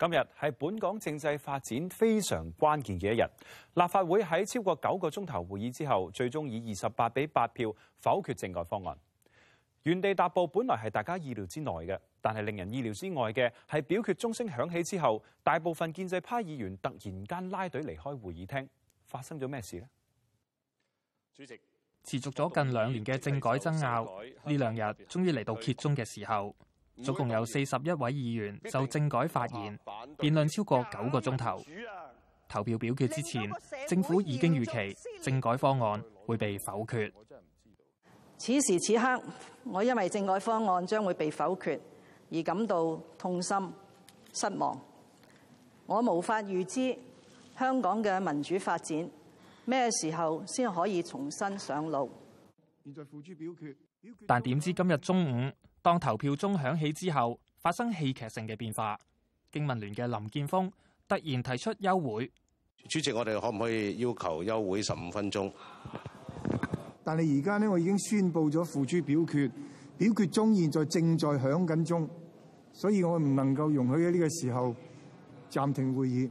今日係本港政制發展非常關鍵嘅一日，立法會喺超過九個鐘頭會議之後，最終以二十八比八票否決政改方案。原地踏步本來係大家意料之內嘅，但係令人意料之外嘅係，表決鐘聲響起之後，大部分建制派議員突然間拉隊離開會議廳。發生咗咩事呢？主席，持續咗近兩年嘅政改爭拗，呢兩日終於嚟到揭盅嘅時候。總共有四十一位議員就政改發言，辯論超過九個鐘頭。投票表決之前，政府已經預期政改方案會被否決。此時此刻，我因為政改方案將會被否決而感到痛心、失望。我無法預知香港嘅民主發展咩時候先可以重新上路。現在付諸表決。但點知今日中午，當投票鐘響起之後，發生戲劇性嘅變化。經民聯嘅林建峰突然提出休會。主席，我哋可唔可以要求休會十五分鐘？但係而家呢，我已經宣布咗付諸表決。表決鐘，現在正在響緊鐘，所以我唔能夠容許喺呢個時候暫停會議。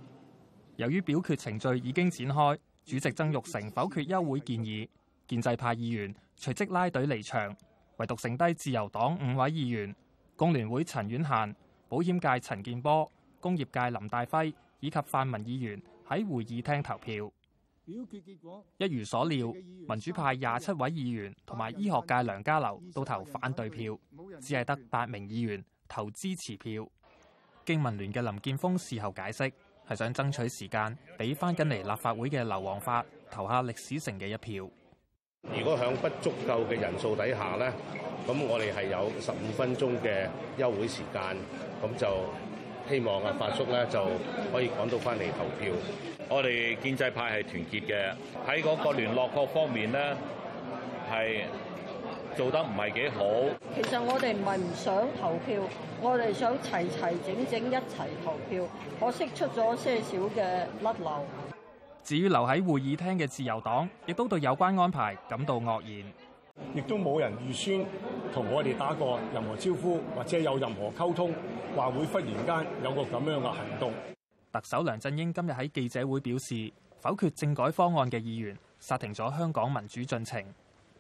由於表決程序已經展開，主席曾玉成否決休會建議，建制派議員隨即拉隊離場。唯獨剩低自由黨五位議員，工聯會陳婉嫻、保險界陳健波、工業界林大輝以及泛民議員喺會議廳投票。表決結果一如所料，民主派廿七位議員同埋醫學界梁家騮都投反對票，只係得八名議員投支持票。經民聯嘅林健鋒事後解釋，係想爭取時間，俾翻緊嚟立法會嘅劉皇發投下歷史性嘅一票。如果響不足夠嘅人數底下咧，咁我哋係有十五分鐘嘅休會時間，咁就希望阿發叔咧就可以趕到翻嚟投票。我哋建制派係團結嘅，喺嗰個聯絡各方面咧係做得唔係幾好。其實我哋唔係唔想投票，我哋想齊齊整整一齊投票。可惜出咗些少嘅甩漏。至於留喺會議廳嘅自由黨，亦都對有關安排感到愕然，亦都冇人預先同我哋打過任何招呼，或者有任何溝通，話會忽然間有個咁樣嘅行動。特首梁振英今日喺記者會表示，否決政改方案嘅議員殺停咗香港民主進程，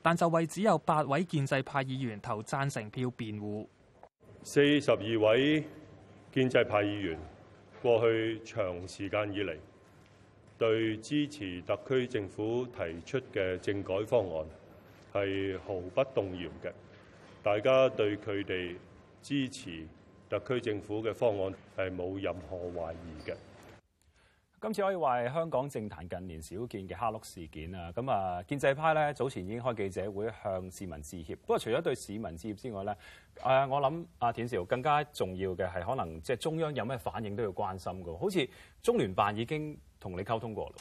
但就為只有八位建制派議員投贊成票辯護。四十二位建制派議員過去長時間以嚟，對支持特區政府提出嘅政改方案係毫不動搖嘅。大家對佢哋支持特區政府嘅方案係冇任何懷疑嘅。今次可以話係香港政壇近年少見嘅甩轆事件啊！咁啊，建制派咧早前已經開記者會向市民致歉。不過，除咗對市民致歉之外咧，誒、呃，我諗阿、啊、田少更加重要嘅係可能即係中央有咩反應都要關心嘅。好似中聯辦已經。同你溝通過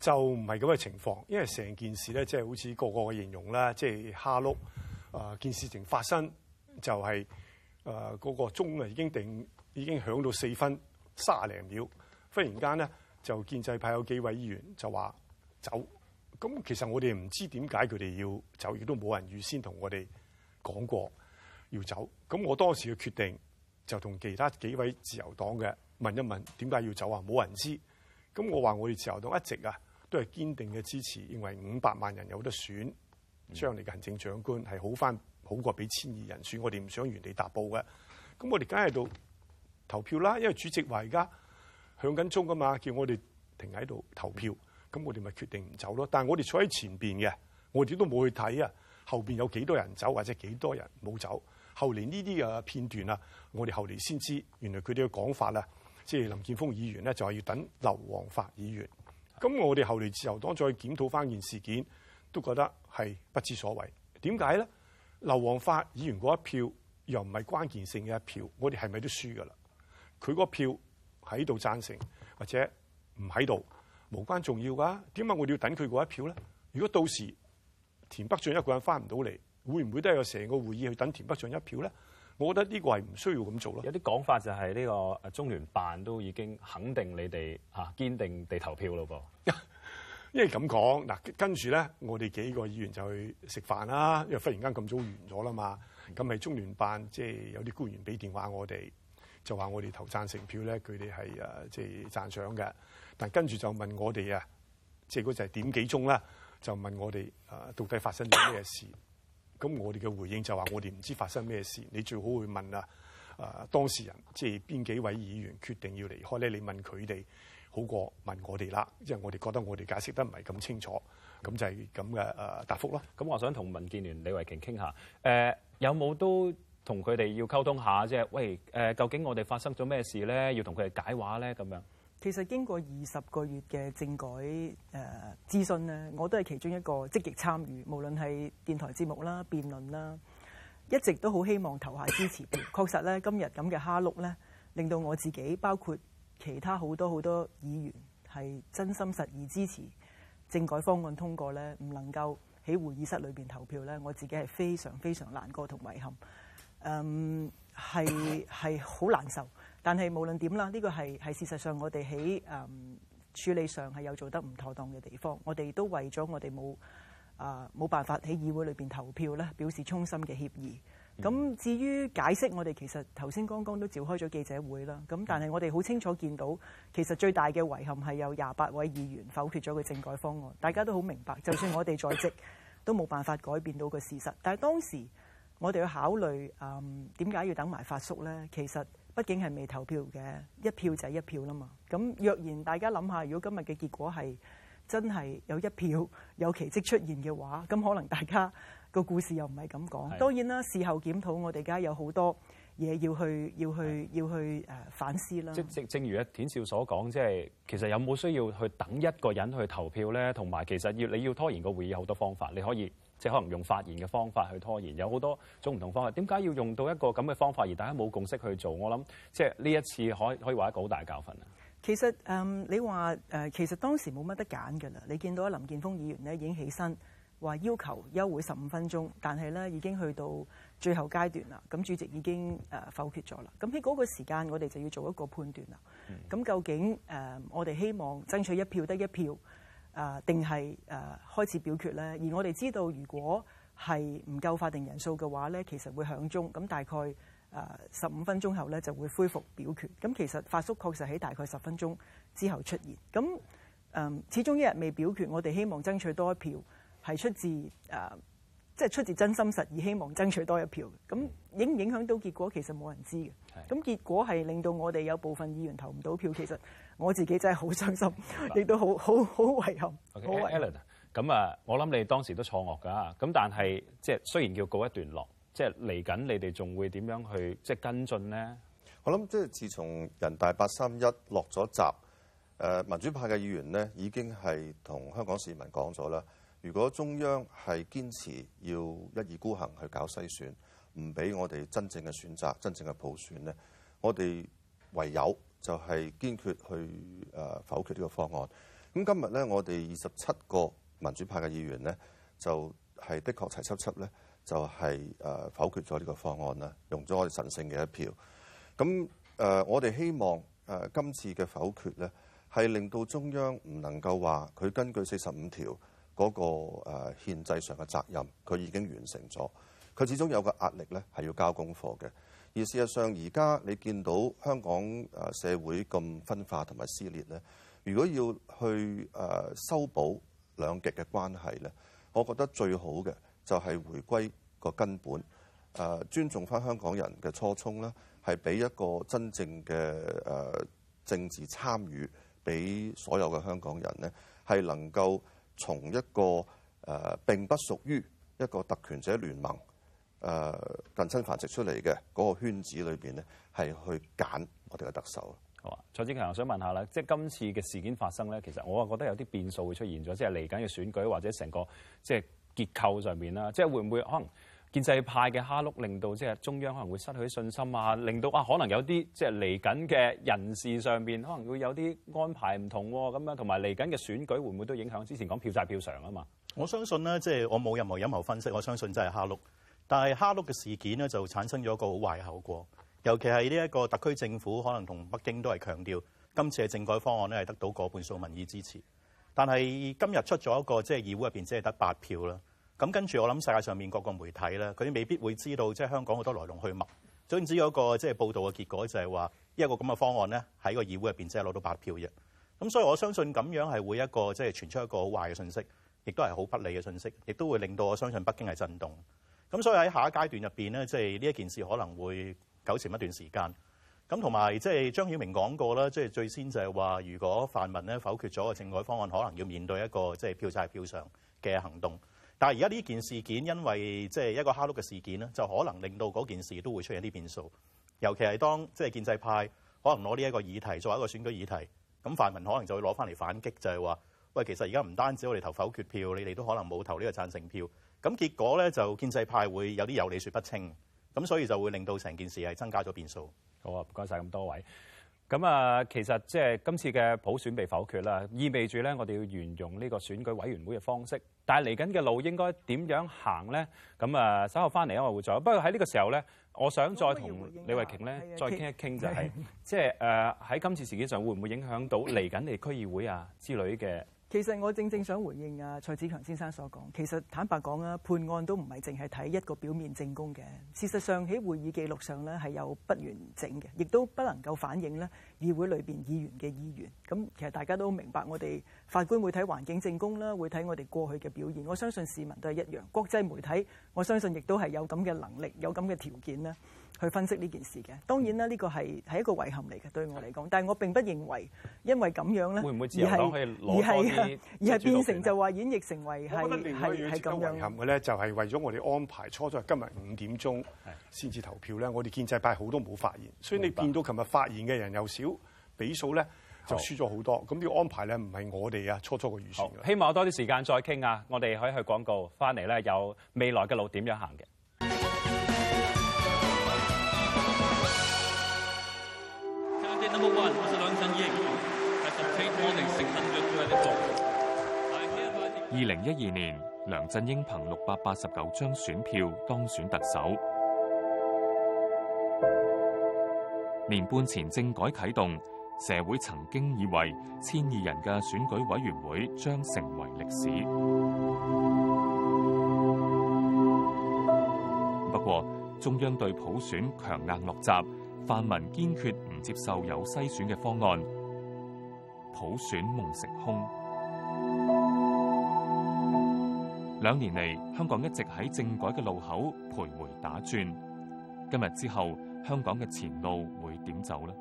就唔係咁嘅情況，因為成件事咧，即係好似個個嘅形容啦，即係蝦碌。啊，件事情發生就係，啊，嗰個個鐘啊已經定，已經響到四分三零秒，忽然間咧就建制派有幾位議員就話走。咁其實我哋唔知點解佢哋要走，亦都冇人預先同我哋講過要走。咁我當時嘅決定就同其他幾位自由黨嘅問一問點解要走啊，冇人知。咁我話我哋自由黨一直啊都係堅定嘅支持，認為五百萬人有得選，將嚟嘅行政長官係好翻好過俾千二人選，我哋唔想原地踏步嘅。咁我哋梗係度投票啦，因為主席話而家響緊鐘㗎嘛，叫我哋停喺度投票。咁我哋咪決定唔走咯。但係我哋坐喺前邊嘅，我哋都冇去睇啊。後邊有幾多人走或者幾多人冇走？後嚟呢啲嘅片段啊，我哋後嚟先知，原來佢哋嘅講法啊。即係林建峰議員咧，就係要等劉皇發議員。咁我哋後嚟自由黨再檢討翻件事件，都覺得係不知所謂。點解咧？劉皇發議員嗰一票又唔係關鍵性嘅一票，我哋係咪都輸噶啦？佢嗰票喺度贊成或者唔喺度，無關重要噶。點解我哋要等佢嗰一票咧？如果到時田北俊一個人翻唔到嚟，會唔會都係有成個會議去等田北俊一票咧？我覺得呢個係唔需要咁做咯。有啲講法就係呢個中聯辦都已經肯定你哋嚇、啊、堅定地投票咯噃。 因為咁講，嗱跟住咧，我哋幾個議員就去食飯啦。因為忽然間咁早完咗啦嘛，咁咪中聯辦即係、即係、有啲官員俾電話我哋，就話我哋投贊成票咧，佢哋係誒即係讚賞嘅。但跟住就問我哋啊，即係嗰陣點幾鐘啦？就問我哋啊，到底發生咗咩事？咁我哋嘅回應就話：我哋唔知發生咩事，你最好去問啊！啊、呃，當事人即係邊幾位議員決定要離開咧？你問佢哋好過問我哋啦，因為我哋覺得我哋解釋得唔係咁清楚，咁、嗯、就係咁嘅誒答覆咯。咁我想同民建聯李慧瓊傾下，誒、呃、有冇都同佢哋要溝通下啫？喂，誒、呃、究竟我哋發生咗咩事咧？要同佢哋解話咧咁樣。其實經過二十個月嘅政改誒諮詢咧，我都係其中一個積極參與，無論係電台節目啦、辯論啦，一直都好希望投下支持票。確實呢，今日咁嘅蝦碌呢，令到我自己包括其他好多好多議員係真心實意支持政改方案通過呢，唔能夠喺會議室裏邊投票呢，我自己係非常非常難過同遺憾，誒、嗯，係係好難受。但係，無論點啦，呢、呢個係係事實上我哋喺，我哋喺誒處理上係有做得唔妥當嘅地方。我哋都為咗我哋冇啊冇辦法喺議會裏邊投票咧，表示衷心嘅歉意。咁至於解釋我哋，我哋其實頭先剛剛都召開咗記者會啦。咁但係我哋好清楚見到，其實最大嘅遺憾係有廿八位議員否決咗個政改方案。大家都好明白，就算我哋在職 都冇辦法改變到個事實。但係當時我哋要考慮誒點解要等埋發叔呢？其實。畢竟係未投票嘅一票就係一票啦嘛。咁若然大家諗下，如果今日嘅結果係真係有一票有奇蹟出現嘅話，咁可能大家個故事又唔係咁講。是的 當然啦，事後檢討我哋而家有好多嘢要去要去是的 要去誒反思啦。即正正如阿田少所講，即係其實有冇需要去等一個人去投票咧？同埋其實要你要拖延個會議好多方法，你可以。即係可能用發言嘅方法去拖延，有好多種唔同方法。點解要用到一個咁嘅方法而大家冇共識去做？我諗，即係呢一次可以可以話一個好大教訓啊。其實，嗯、你話，其實當時冇乜得揀㗎啦。你見到林健鋒議員咧已經起身話要求休會十五分鐘，但係咧已經去到最後階段啦。咁主席已經、呃、否決咗啦。咁喺嗰個時間我哋就要做一個判斷啦。咁、嗯、究竟、呃、我哋希望爭取一票得一票？啊，定係啊開始表決咧？而我哋知道，如果係唔夠法定人數嘅話咧，其實會響鐘。咁大概啊十五分鐘後咧就會恢復表決。咁其實發叔確實喺大概十分鐘之後出現。咁嗯，始終一日未表決，我哋希望爭取多一票，係出自啊，即係出自真心實意，希望爭取多一票。咁影唔影響到結果，其實冇人知嘅。咁結果係令到我哋有部分議員投唔到票，其實。我自己真係好傷心，亦都好好好遺憾。咁啊 Okay.，我諗你哋當時都錯愕噶，咁但係即係雖然叫告一段落，即係嚟緊你哋仲會點樣去即係跟進咧？我諗即係自從人大八三一落咗閘，誒民主派嘅議員呢已經係同香港市民講咗啦。如果中央係堅持要一意孤行去搞篩選，唔俾我哋真正嘅選擇、真正嘅普選呢，我哋唯有。就係堅決去誒、呃、否決呢個方案。咁今日咧，我哋二十七個民主派嘅議員咧，就係的確齊齊輯咧，就係、是、誒、呃、否決咗呢個方案啦，用咗我哋神聖嘅一票。咁誒、呃，我哋希望誒、呃、今次嘅否決咧，係令到中央唔能夠話佢根據四十五條嗰、那個誒、呃、憲制上嘅責任，佢已經完成咗，佢始終有個壓力咧，係要交功課嘅。而事實上，而家你見到香港誒社會咁分化同埋撕裂呢，如果要去誒修補兩極嘅關係呢，我覺得最好嘅就係回歸個根本誒，尊重返香港人嘅初衷呢，係俾一個真正嘅誒政治參與，俾所有嘅香港人呢，係能夠從一個誒並不屬於一個特權者聯盟。誒、uh, 近親繁殖出嚟嘅嗰個圈子裏邊咧，係去揀我哋嘅特首。好啊，蔡子強，我想問一下咧，即係今次嘅事件發生咧，其實我係覺得有啲變數會出現咗，即係嚟緊嘅選舉或者成個即係結構上面啦。即係會唔會可能建制派嘅蝦碌令到即係中央可能會失去信心啊？令到啊，可能有啲即係嚟緊嘅人事上邊可能會有啲安排唔同咁、啊、樣，同埋嚟緊嘅選舉會唔會都影響之前講票債票償啊？嘛，我相信咧，即、就、係、是、我冇任何陰謀分析，我相信真係蝦碌。但係哈魯嘅事件呢就產生咗一個好壞嘅後果。尤其係呢一個特區政府可能同北京都係強調，今次嘅政改方案呢係得到過半數民意支持。但係今日出咗一個即係、就是、議會入邊，即係得八票啦。咁跟住我諗世界上面各個媒體呢，佢未必會知道即係、就是、香港好多來龍去脈。總言之，有一個即係、就是、報導嘅結果就係話，依一個咁嘅方案呢，喺個議會入邊即係攞到八票啫。咁所以我相信咁樣係會一個即係、就是、傳出一個好壞嘅信息，亦都係好不利嘅信息，亦都會令到我相信北京係震動。咁所以喺下一階段入邊呢，即係呢一件事可能會糾纏一段時間，咁同埋即係張曉明講過啦，即、就、係、是、最先就係話如果泛民咧否決咗個政改方案，可能要面對一個即係票債票償嘅行動。但係而家呢件事件因為即係一個哈擼嘅事件呢，就可能令到嗰件事都會出現啲變數，尤其係當即係、就是、建制派可能攞呢一個議題作為一個選舉議題，咁泛民可能就會攞翻嚟反擊，就係、是、話喂，其實而家唔單止我哋投否決票，你哋都可能冇投呢個贊成票。咁結果咧就建制派會有啲有理說不清，咁所以就會令到成件事係增加咗變數。好啊，唔該晒咁多位。咁啊，其實即係今次嘅普選被否決啦，意味住咧我哋要沿用呢個選舉委員會嘅方式，但係嚟緊嘅路應該點樣行咧？咁啊，稍後翻嚟因為我會再。不過喺呢個時候咧，我想再同李慧瓊咧再傾一傾、就是，就係即係誒喺今次事件上會唔會影響到嚟緊你區議會啊之類嘅。其實我正正想回應啊蔡子強先生所講，其實坦白講啦，判案都唔係淨係睇一個表面證供嘅。事實上喺會議記錄上咧係有不完整嘅，亦都不能夠反映咧議會裏邊議員嘅意願。咁其實大家都明白，我哋法官會睇環境證供啦，會睇我哋過去嘅表現。我相信市民都係一樣，國際媒體我相信亦都係有咁嘅能力，有咁嘅條件啦。去分析呢件事嘅，當然啦，呢個係係一個遺憾嚟嘅對我嚟講，但係我並不認為因為咁樣咧，會唔會自而係是而係是而係是變成就話演繹成為係係係咁樣嘅咧，就係為咗我哋安排初初今日五點鐘先至投票咧，是我哋建制派好多冇發言，所以你見到琴日發言嘅人又少，比數咧就輸咗好多，咁啲好安排咧唔係我哋啊初初嘅預算好了希望我多啲時間再傾啊，我哋可以去廣告翻嚟咧，有未來嘅路點樣行嘅。二零一二年，梁振英憑六百八十九張選票當選特首。年半前政改啟動，社會曾經以為千二人嘅選舉委員會將成為歷史。不過，中央對普選強硬落閘。泛民堅決唔接受有篩選嘅方案，普選夢成空。兩年嚟，香港一直喺政改嘅路口徘徊打轉。今日之後，香港嘅前路會點走呢？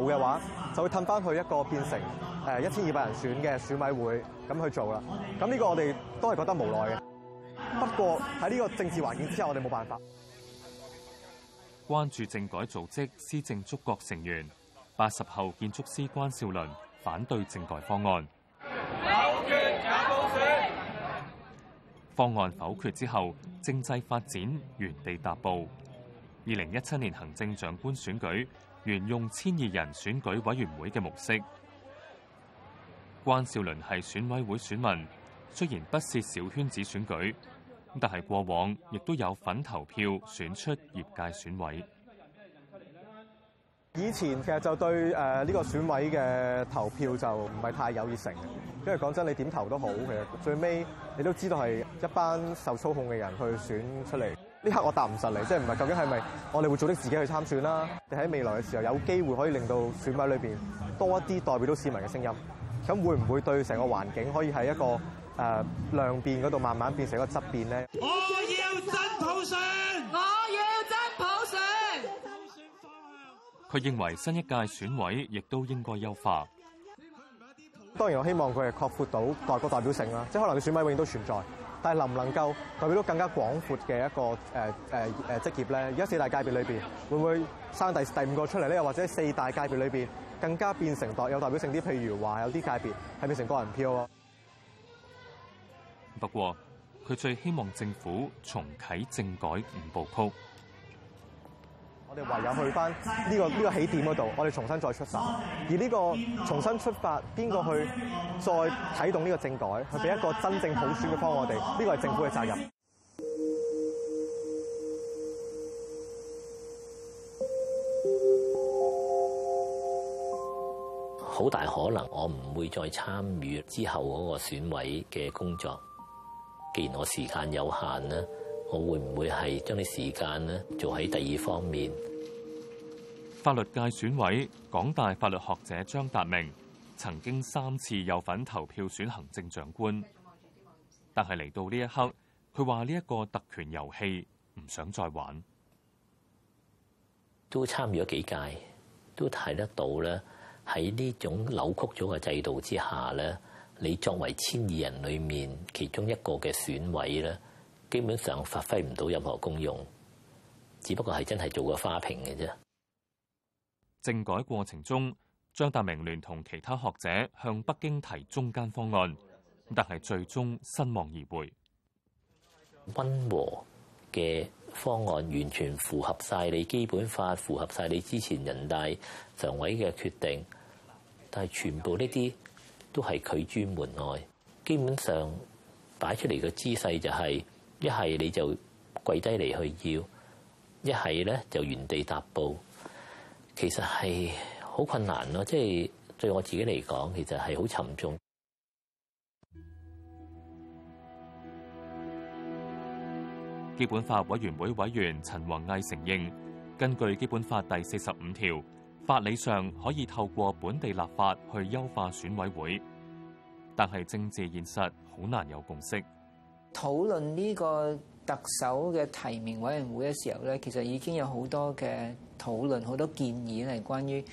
冇嘅話，就會褪翻去一個變成誒一千二百人選嘅選委會咁去做啦。咁呢個我哋都係覺得無奈嘅。不過喺呢個政治環境之下，我哋冇辦法。關注政改組織施政觸角成員、八十後建築師關兆麟反對政改方案。方案否決之後，政制發展原地踏步。二零一七年行政長官選舉，沿用千二人選舉委員會嘅模式，關兆麟係選委會選民，雖然不是小圈子選舉，但係過往亦都有份投票選出業界選委。以前其實就對誒呢個選委嘅投票就唔係太有熱誠，因為講真你點投都好，其實最尾你都知道係一班受操控嘅人去選出嚟。呢刻我答唔實嚟，即係唔係究竟係咪我哋會組織自己去參選啦？定喺未來嘅時候有機會可以令到選委裏邊多一啲代表到市民嘅聲音？咁會唔會對成個環境可以喺一個誒、呃、量變嗰度慢慢變成一個質變咧？我要真普選！我要真普選！佢認為新一屆選委亦都應該優化。當然我希望佢係擴闊到代個代表性啦，即係可能你選委永遠都存在。但係能唔能夠代表到更加廣闊嘅一個誒誒誒職業咧？而家四大界別裏邊會唔會生第第五個出嚟咧？又或者四大界別裏邊更加變成代有代表性啲？譬如話有啲界別係變成個人票喎。不過佢最希望政府重啟政改五步曲。我哋唯有去返呢個呢個起點嗰度，我哋重新再出發。而呢個重新出發，邊個去再啟動呢個政改，去俾一個真正普選嘅方案？我哋呢個係政府嘅責任。好大可能，我唔會再參與之後嗰個選委嘅工作。既然我時間有限咧。我會唔會係將啲時間咧做喺第二方面？法律界選委，港大法律學者張達明曾經三次有份投票選行政長官，但係嚟到呢一刻，佢話呢一個特權遊戲唔想再玩。都參與咗幾屆，都睇得到咧。喺呢種扭曲咗嘅制度之下咧，你作為千二人裏面其中一個嘅選委咧。基本上發揮唔到任何功用，只不過係真係做個花瓶嘅啫。政改過程中，張達明聯同其他學者向北京提中間方案，但係最終失望而回。溫和嘅方案完全符合晒你基本法，符合晒你之前人大常委嘅決定，但係全部呢啲都係拒於門外。基本上擺出嚟嘅姿勢就係、是。一係你就跪低嚟去要，一係咧就原地踏步，其實係好困難咯。即係對我自己嚟講，其實係好沉重。基本法委員會委員陳弘毅承認，根據基本法第四十五條，法理上可以透過本地立法去優化選委會，但係政治現實好難有共識。討論呢個特首嘅提名委員會嘅時候咧，其實已經有好多嘅討論，好多建議咧，係關於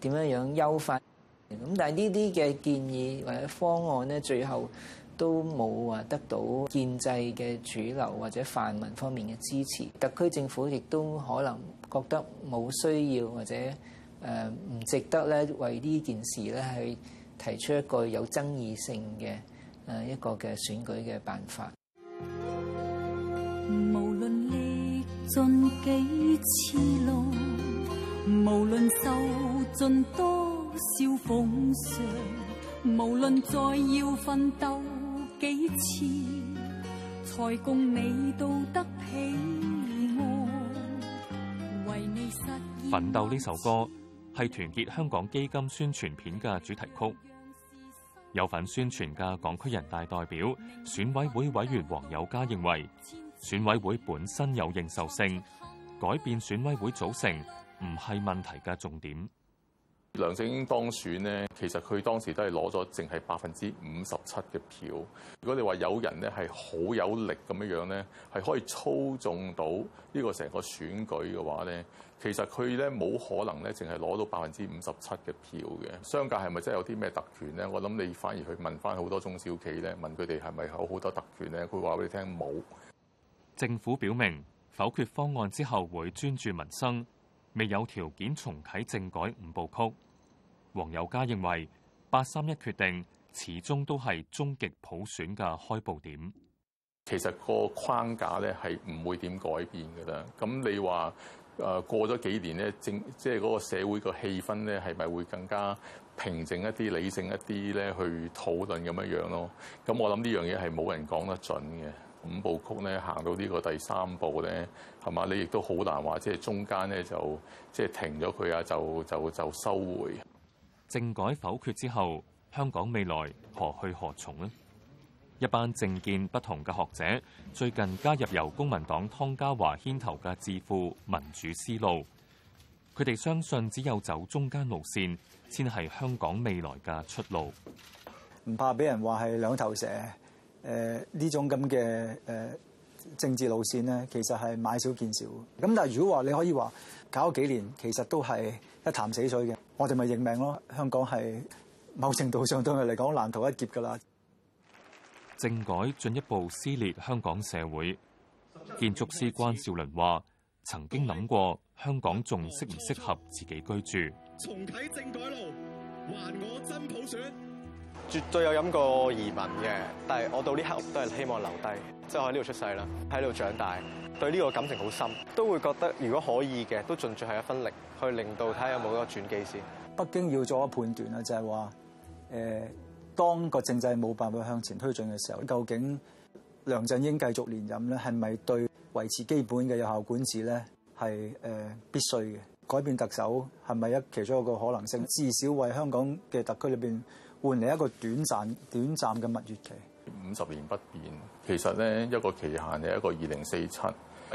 點樣樣優化。咁但係呢啲嘅建議或者方案咧，最後都冇話得到建制嘅主流或者泛民方面嘅支持。特區政府亦都可能覺得冇需要或者誒唔值得咧，為呢件事咧去提出一個有爭議性嘅誒一個嘅選舉嘅辦法。奮鬥呢首歌係團結香港基金宣傳片嘅主題曲。有份宣傳嘅港區人大代表、選委會委員黃友嘉認為。選委會本身有認受性，改變選委會組成唔係問題嘅重點。梁振英當選呢，其實佢當時都係攞咗淨係百分之五十七嘅票。如果你話有人咧係好有力咁樣樣咧，係可以操縱到呢個成個選舉嘅話咧，其實佢咧冇可能咧，淨係攞到百分之五十七嘅票嘅。商界係咪真係有啲咩特權咧？我諗你反而去問翻好多中小企咧，問佢哋係咪有好多特權咧，佢話俾你聽冇。政府表明否決方案之後會專注民生，未有條件重啟政改五部曲。黃友嘉認為八三一決定始終都係終極普選嘅開步點，其實個框架咧係唔會點改變噶啦。咁你話誒過咗幾年咧，政即係嗰個社會個氣氛咧，係咪會更加平靜一啲、理性一啲咧去討論咁樣樣咯？咁我諗呢樣嘢係冇人講得準嘅。五步曲咧，行到呢個第三步咧，係嘛？你亦都好難話，即係中間咧就即係停咗佢啊，就就就收回。政改否決之後，香港未來何去何從呢？一班政見不同嘅學者最近加入由公民黨湯家驊牽頭嘅智庫民主思路，佢哋相信只有走中間路線，先係香港未來嘅出路。唔怕俾人話係兩頭蛇。誒呢、呃、種咁嘅誒政治路線呢，其實係買少見少嘅。咁但係如果話你可以話搞幾年，其實都係一潭死水嘅。我哋咪認命咯。香港係某程度上對佢嚟講難逃一劫㗎啦。政改進一步撕裂香港社會，11 6. 建築師關兆麟話：曾經諗過香港仲適唔適合自己居住。重啟政改路，還我真普選。絕對有飲過移民嘅，但係我到呢刻都係希望留低，即係我喺呢度出世啦，喺呢度長大，對呢個感情好深，都會覺得如果可以嘅，都盡盡係一分力去令到睇下有冇一個轉機先。北京要做一個判斷啦，就係話誒，當個政制冇辦法向前推進嘅時候，究竟梁振英繼續連任咧，係咪對維持基本嘅有效管治咧係誒必須嘅？改變特首係咪一其中一個可能性？至少為香港嘅特區裏邊。換嚟一個短暫、短暫嘅蜜月期。五十年不變，其實咧一個期限係一個二零四七。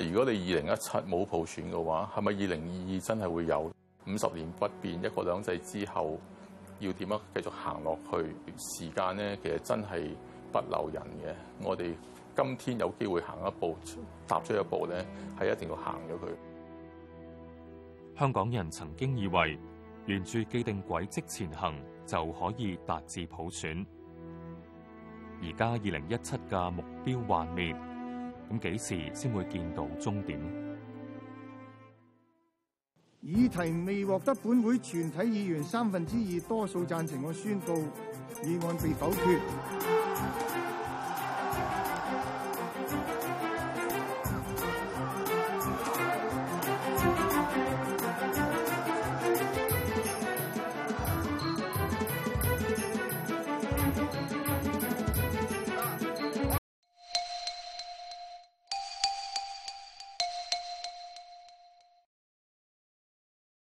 如果你二零一七冇普選嘅話，係咪二零二二真係會有五十年不變？一國兩制之後要點樣繼續行落去？時間咧其實真係不留人嘅。我哋今天有機會行一步、踏出一步咧，係一定要行咗佢。香港人曾經以為沿住既定軌跡前行。就可以達至普選。而家二零一七嘅目標幻滅，咁幾時先會見到終點？議題未獲得本會全體議員三分之二多數贊成，我宣佈議案被否決。